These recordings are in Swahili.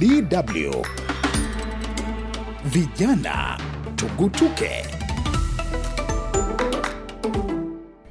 DW Vijana Tugutuke.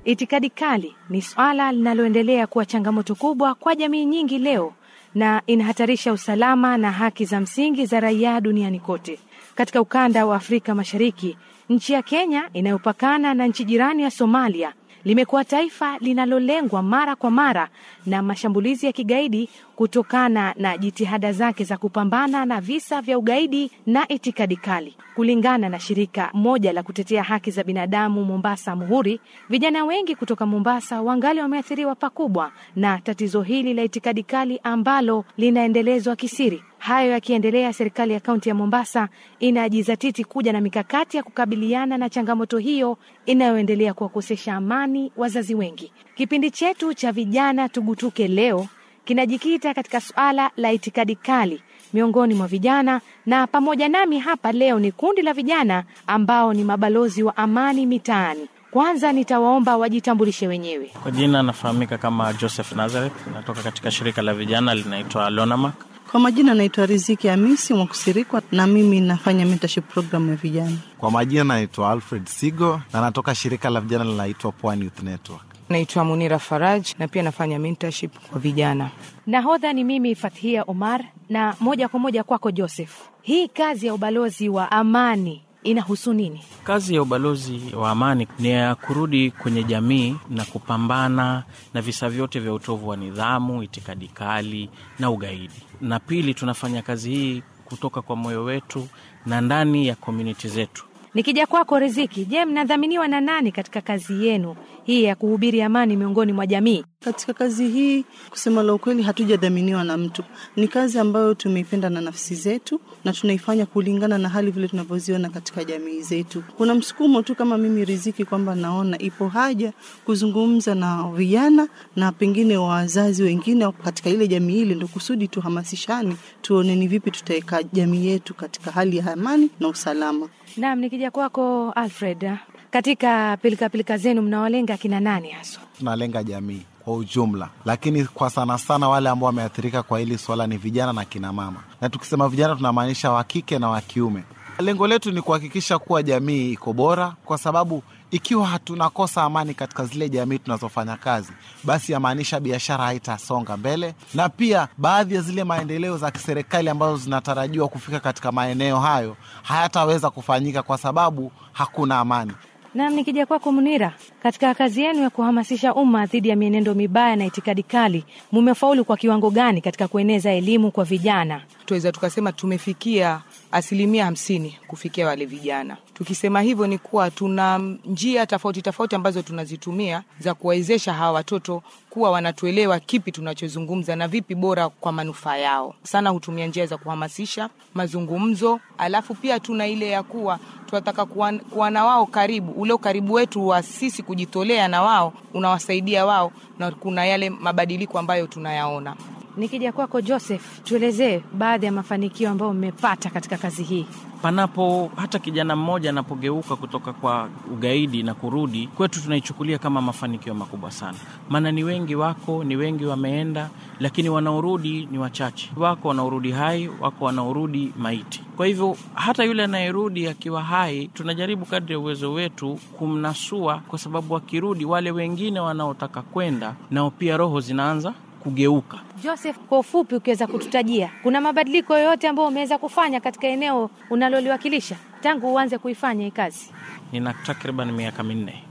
Itikadi kali ni swala linaloendelea kuwa changamoto kubwa kwa jamii nyingi leo na inahatarisha usalama na haki za msingi za raia duniani kote. Katika ukanda wa Afrika Mashariki, nchi ya Kenya inayopakana na nchi jirani ya Somalia limekuwa taifa linalolengwa mara kwa mara na mashambulizi ya kigaidi kutokana na jitihada zake za kupambana na visa vya ugaidi na itikadi kali. Kulingana na shirika moja la kutetea haki za binadamu Mombasa Muhuri, vijana wengi kutoka Mombasa wangali wameathiriwa pakubwa na tatizo hili la itikadi kali ambalo linaendelezwa kisiri. Hayo yakiendelea, serikali ya kaunti ya Mombasa inajizatiti kuja na mikakati ya kukabiliana na changamoto hiyo inayoendelea kuwakosesha amani wazazi wengi. Kipindi chetu cha vijana tugutuke leo kinajikita katika suala la itikadi kali miongoni mwa vijana, na pamoja nami hapa leo ni kundi la vijana ambao ni mabalozi wa amani mitaani. Kwanza nitawaomba wajitambulishe wenyewe. Kwa jina anafahamika kama Joseph Nazareth, natoka katika shirika la vijana linaitwa Lonamak. Kwa majina naitwa Riziki amisi Mwakusirikwa, na mimi nafanya mentorship program ya vijana. Kwa majina naitwa Alfred Sigo na natoka shirika la vijana linaitwa Pwani Youth Network. Naitwa Munira Faraj na pia nafanya mentorship kwa vijana. Nahodha ni mimi Fathia Omar, na moja kwa moja kwako Joseph, hii kazi ya ubalozi wa amani inahusu nini? Kazi ya ubalozi wa amani ni ya kurudi kwenye jamii na kupambana na visa vyote vya utovu wa nidhamu, itikadi kali na ugaidi. Na pili, tunafanya kazi hii kutoka kwa moyo wetu na ndani ya komuniti zetu. Nikija kwako Riziki, je, mnadhaminiwa na nani katika kazi yenu hii ya kuhubiri amani miongoni mwa jamii. Katika kazi hii, kusema la ukweli, hatujadhaminiwa na mtu. Ni kazi ambayo tumeipenda na nafsi zetu na tunaifanya kulingana na hali vile tunavyoziona katika jamii zetu. Kuna msukumo tu kama mimi Riziki kwamba naona ipo haja kuzungumza na vijana na pengine wazazi wengine katika ile jamii ile, ndo kusudi tuhamasishane, tuone ni vipi tutaweka jamii yetu katika hali ya amani na usalama. Naam, nikija kwako Alfred, katika pilikapilika zenu mnawalenga kina nani haswa? Tunalenga jamii kwa ujumla, lakini kwa sana sana wale ambao wameathirika kwa hili swala ni vijana na kinamama, na tukisema vijana tunamaanisha wa kike na wa kiume. Lengo letu ni kuhakikisha kuwa jamii iko bora, kwa sababu ikiwa hatunakosa amani katika zile jamii tunazofanya kazi, basi yamaanisha biashara haitasonga mbele, na pia baadhi ya zile maendeleo za kiserikali ambazo zinatarajiwa kufika katika maeneo hayo hayataweza kufanyika kwa sababu hakuna amani. Nam, nikija kwako Munira, katika kazi yenu ya kuhamasisha umma dhidi ya mienendo mibaya na itikadi kali, mumefaulu kwa kiwango gani katika kueneza elimu kwa vijana? Tunaweza tukasema tumefikia asilimia hamsini kufikia wale vijana. Tukisema hivyo ni kuwa tuna njia tofauti tofauti ambazo tunazitumia za kuwawezesha hawa watoto kuwa wanatuelewa kipi tunachozungumza na vipi bora kwa manufaa yao. Sana hutumia njia za kuhamasisha mazungumzo, alafu pia tuna ile ya kuwa tunataka kuwa, kuwa na wao karibu. Ule ukaribu wetu wa sisi kujitolea na wao unawasaidia wao, na kuna yale mabadiliko ambayo tunayaona. Nikija kwako Joseph, tuelezee baadhi ya mafanikio ambayo mmepata katika kazi hii. Panapo hata kijana mmoja anapogeuka kutoka kwa ugaidi na kurudi kwetu, tunaichukulia kama mafanikio makubwa sana, maana ni wengi wako, ni wengi wameenda, lakini wanaorudi ni wachache. Wako wanaorudi hai, wako wanaorudi maiti. Kwa hivyo hata yule anayerudi akiwa hai, tunajaribu kadri ya uwezo wetu kumnasua, kwa sababu wakirudi wale wengine wanaotaka kwenda nao pia roho zinaanza kugeuka. Joseph, kwa ufupi, ukiweza kututajia, kuna mabadiliko yoyote ambayo umeweza kufanya katika eneo unaloliwakilisha tangu uanze kuifanya hii kazi? Nina takriban miaka minne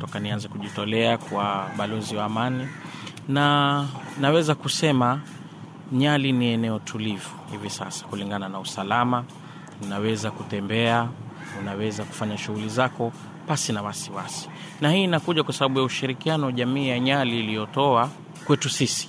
toka nianze kujitolea kwa balozi wa amani, na naweza kusema Nyali ni eneo tulivu hivi sasa kulingana na usalama. Unaweza kutembea, unaweza kufanya shughuli zako pasi na wasiwasi, na hii inakuja kwa sababu ya ushirikiano jamii ya Nyali iliyotoa kwetu sisi.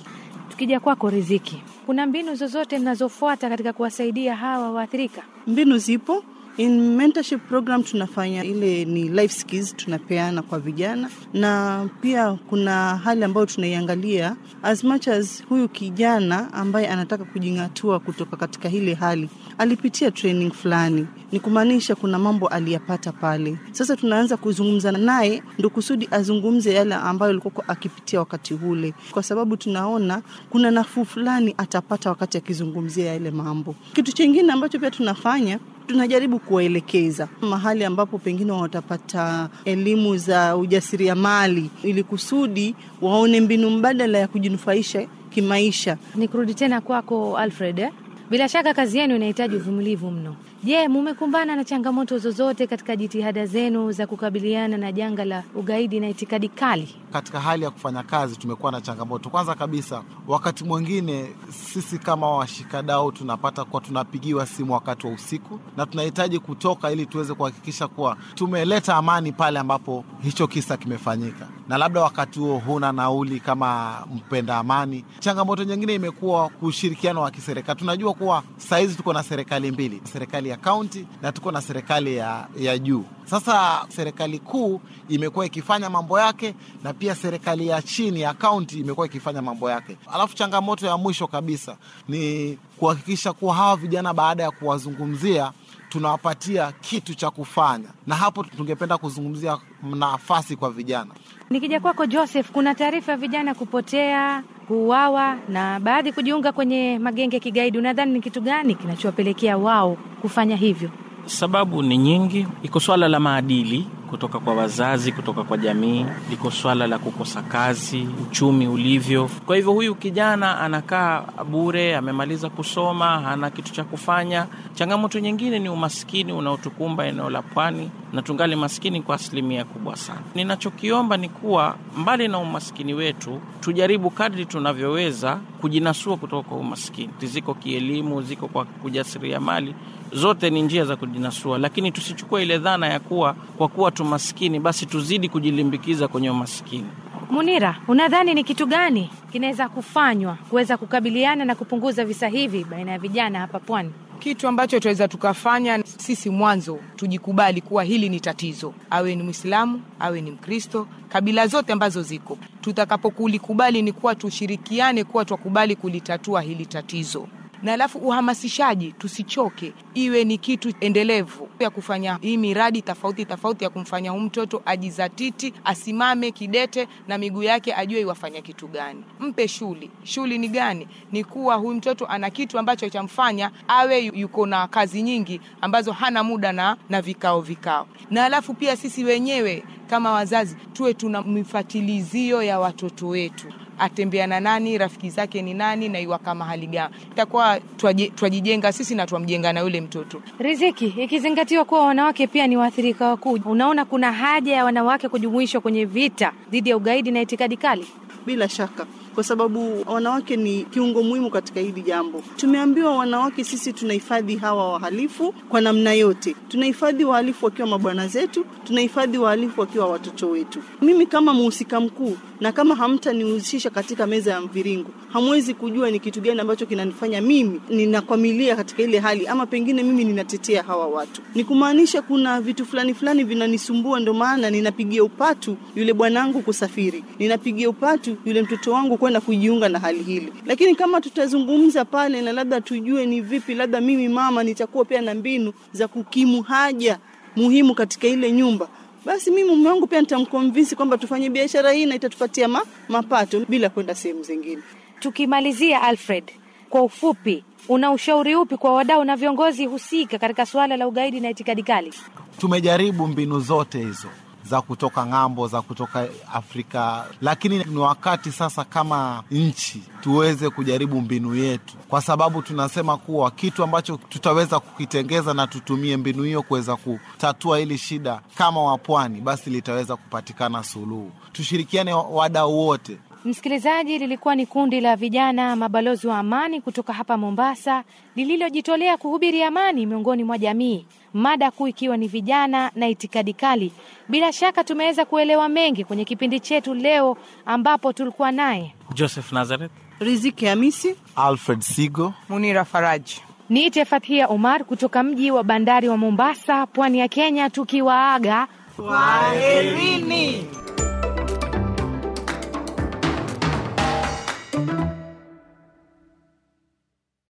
Tukija kwako Riziki, kuna mbinu zozote mnazofuata katika kuwasaidia hawa waathirika? Mbinu zipo In mentorship program tunafanya ile ni life skills tunapeana kwa vijana, na pia kuna hali ambayo tunaiangalia as much as huyu kijana ambaye anataka kujing'atua kutoka katika ile hali alipitia training fulani, ni kumaanisha kuna mambo aliyapata pale. Sasa tunaanza kuzungumza naye ndo kusudi azungumze yale ambayo alikuwa akipitia wakati ule, kwa sababu tunaona kuna nafuu fulani atapata wakati akizungumzia yale mambo. Kitu chingine ambacho pia tunafanya tunajaribu kuwaelekeza mahali ambapo pengine watapata elimu za ujasiriamali, ili kusudi waone mbinu mbadala ya kujinufaisha kimaisha. Nikurudi tena kwako Alfred eh? Bila shaka kazi yenu inahitaji uvumilivu mno. Je, yeah, mumekumbana na changamoto zozote katika jitihada zenu za kukabiliana na janga la ugaidi na itikadi kali? Katika hali ya kufanya kazi tumekuwa na changamoto. Kwanza kabisa, wakati mwingine sisi kama washikadau tunapata kuwa tunapigiwa simu wakati wa usiku na tunahitaji kutoka ili tuweze kuhakikisha kuwa tumeleta amani pale ambapo hicho kisa kimefanyika, na labda wakati huo huna nauli kama mpenda amani. Changamoto nyingine imekuwa ushirikiano wa kiserikali. Tunajua kuwa sahizi tuko na serikali mbili, serikali serikali ya kaunti na tuko na serikali ya, ya juu. Sasa serikali kuu imekuwa ikifanya mambo yake na pia serikali ya chini ya kaunti imekuwa ikifanya mambo yake. Alafu changamoto ya mwisho kabisa ni kuhakikisha kuwa hawa vijana baada ya kuwazungumzia tunawapatia kitu cha kufanya, na hapo tungependa kuzungumzia nafasi kwa vijana. Nikija kwako Joseph, kuna taarifa ya vijana kupotea, kuuawa na baadhi kujiunga kwenye magenge ya kigaidi. Unadhani ni kitu gani kinachowapelekea wao kufanya hivyo? Sababu ni nyingi. Iko swala la maadili kutoka kwa wazazi, kutoka kwa jamii, liko swala la kukosa kazi, uchumi ulivyo. Kwa hivyo huyu kijana anakaa bure, amemaliza kusoma, hana kitu cha kufanya. Changamoto nyingine ni umaskini unaotukumba eneo la pwani, na tungali maskini kwa asilimia kubwa sana. Ninachokiomba ni kuwa mbali na umaskini wetu, tujaribu kadri tunavyoweza kujinasua kutoka kwa umaskini. Ziko kielimu, ziko kwa kujasiria mali Zote ni njia za kujinasua, lakini tusichukue ile dhana ya kuwa kwa kuwa tumaskini basi tuzidi kujilimbikiza kwenye umaskini. Munira, unadhani ni kitu gani kinaweza kufanywa kuweza kukabiliana na kupunguza visa hivi baina ya vijana hapa pwani? Kitu ambacho tunaweza tukafanya sisi, mwanzo tujikubali kuwa hili ni tatizo, awe ni Mwislamu awe ni Mkristo, kabila zote ambazo ziko. Tutakapokulikubali ni kuwa tushirikiane, kuwa twakubali kulitatua hili tatizo na alafu uhamasishaji, tusichoke, iwe ni kitu endelevu ya kufanya hii miradi tofauti tofauti ya kumfanya huyu mtoto ajizatiti, asimame kidete na miguu yake, ajue iwafanya kitu gani. Mpe shughuli. Shughuli ni gani? Ni kuwa huyu mtoto ana kitu ambacho chamfanya awe yuko na kazi nyingi ambazo hana muda na, na vikao vikao. Na alafu pia sisi wenyewe kama wazazi tuwe tuna mifatilizio ya watoto wetu atembea na nani, rafiki zake ni nani na iwaka mahali gani. Itakuwa twajijenga sisi na twamjenga na yule mtoto. Riziki, ikizingatiwa kuwa wanawake pia ni waathirika wakuu, unaona kuna haja ya wanawake kujumuishwa kwenye vita dhidi ya ugaidi na itikadi kali? Bila shaka kwa sababu wanawake ni kiungo muhimu katika hili jambo. Tumeambiwa wanawake sisi tunahifadhi hawa wahalifu kwa namna yote. Tunahifadhi wahalifu wakiwa mabwana zetu, tunahifadhi wahalifu wakiwa watoto wetu. Mimi kama mhusika mkuu na kama hamtanihusisha katika meza ya mviringo, hamwezi kujua ni kitu gani ambacho kinanifanya mimi ninakwamilia katika ile hali, ama pengine mimi ninatetea hawa watu. Ni kumaanisha kuna vitu fulani fulani vinanisumbua, ndio maana ninapigia upatu yule bwanangu kusafiri, ninapigia upatu yule mtoto wangu kwenda kujiunga na hali hili. Lakini kama tutazungumza pale na labda tujue ni vipi, labda mimi mama nitakuwa pia na mbinu za kukimu haja muhimu katika ile nyumba, basi mimi mume wangu pia nitamkonvinsi kwamba tufanye biashara hii na itatupatia ma, mapato bila kwenda sehemu zingine. Tukimalizia Alfred, kwa ufupi, una ushauri upi kwa wadau na viongozi husika katika suala la ugaidi na itikadi kali? Tumejaribu mbinu zote hizo za kutoka ng'ambo, za kutoka Afrika, lakini ni wakati sasa kama nchi tuweze kujaribu mbinu yetu, kwa sababu tunasema kuwa kitu ambacho tutaweza kukitengeza na tutumie mbinu hiyo kuweza kutatua hili shida kama wapwani, basi litaweza kupatikana suluhu. Tushirikiane wadau wote. Msikilizaji, lilikuwa ni kundi la vijana mabalozi wa amani kutoka hapa Mombasa lililojitolea kuhubiri amani miongoni mwa jamii mada kuu ikiwa ni vijana na itikadi kali. Bila shaka tumeweza kuelewa mengi kwenye kipindi chetu leo, ambapo tulikuwa naye Joseph Nazareth, Riziki Hamisi, Alfred Sigo, Munira Faraji. Niite Fathia Omar kutoka mji wa bandari wa Mombasa, pwani ya Kenya, tukiwaaga kwaherini.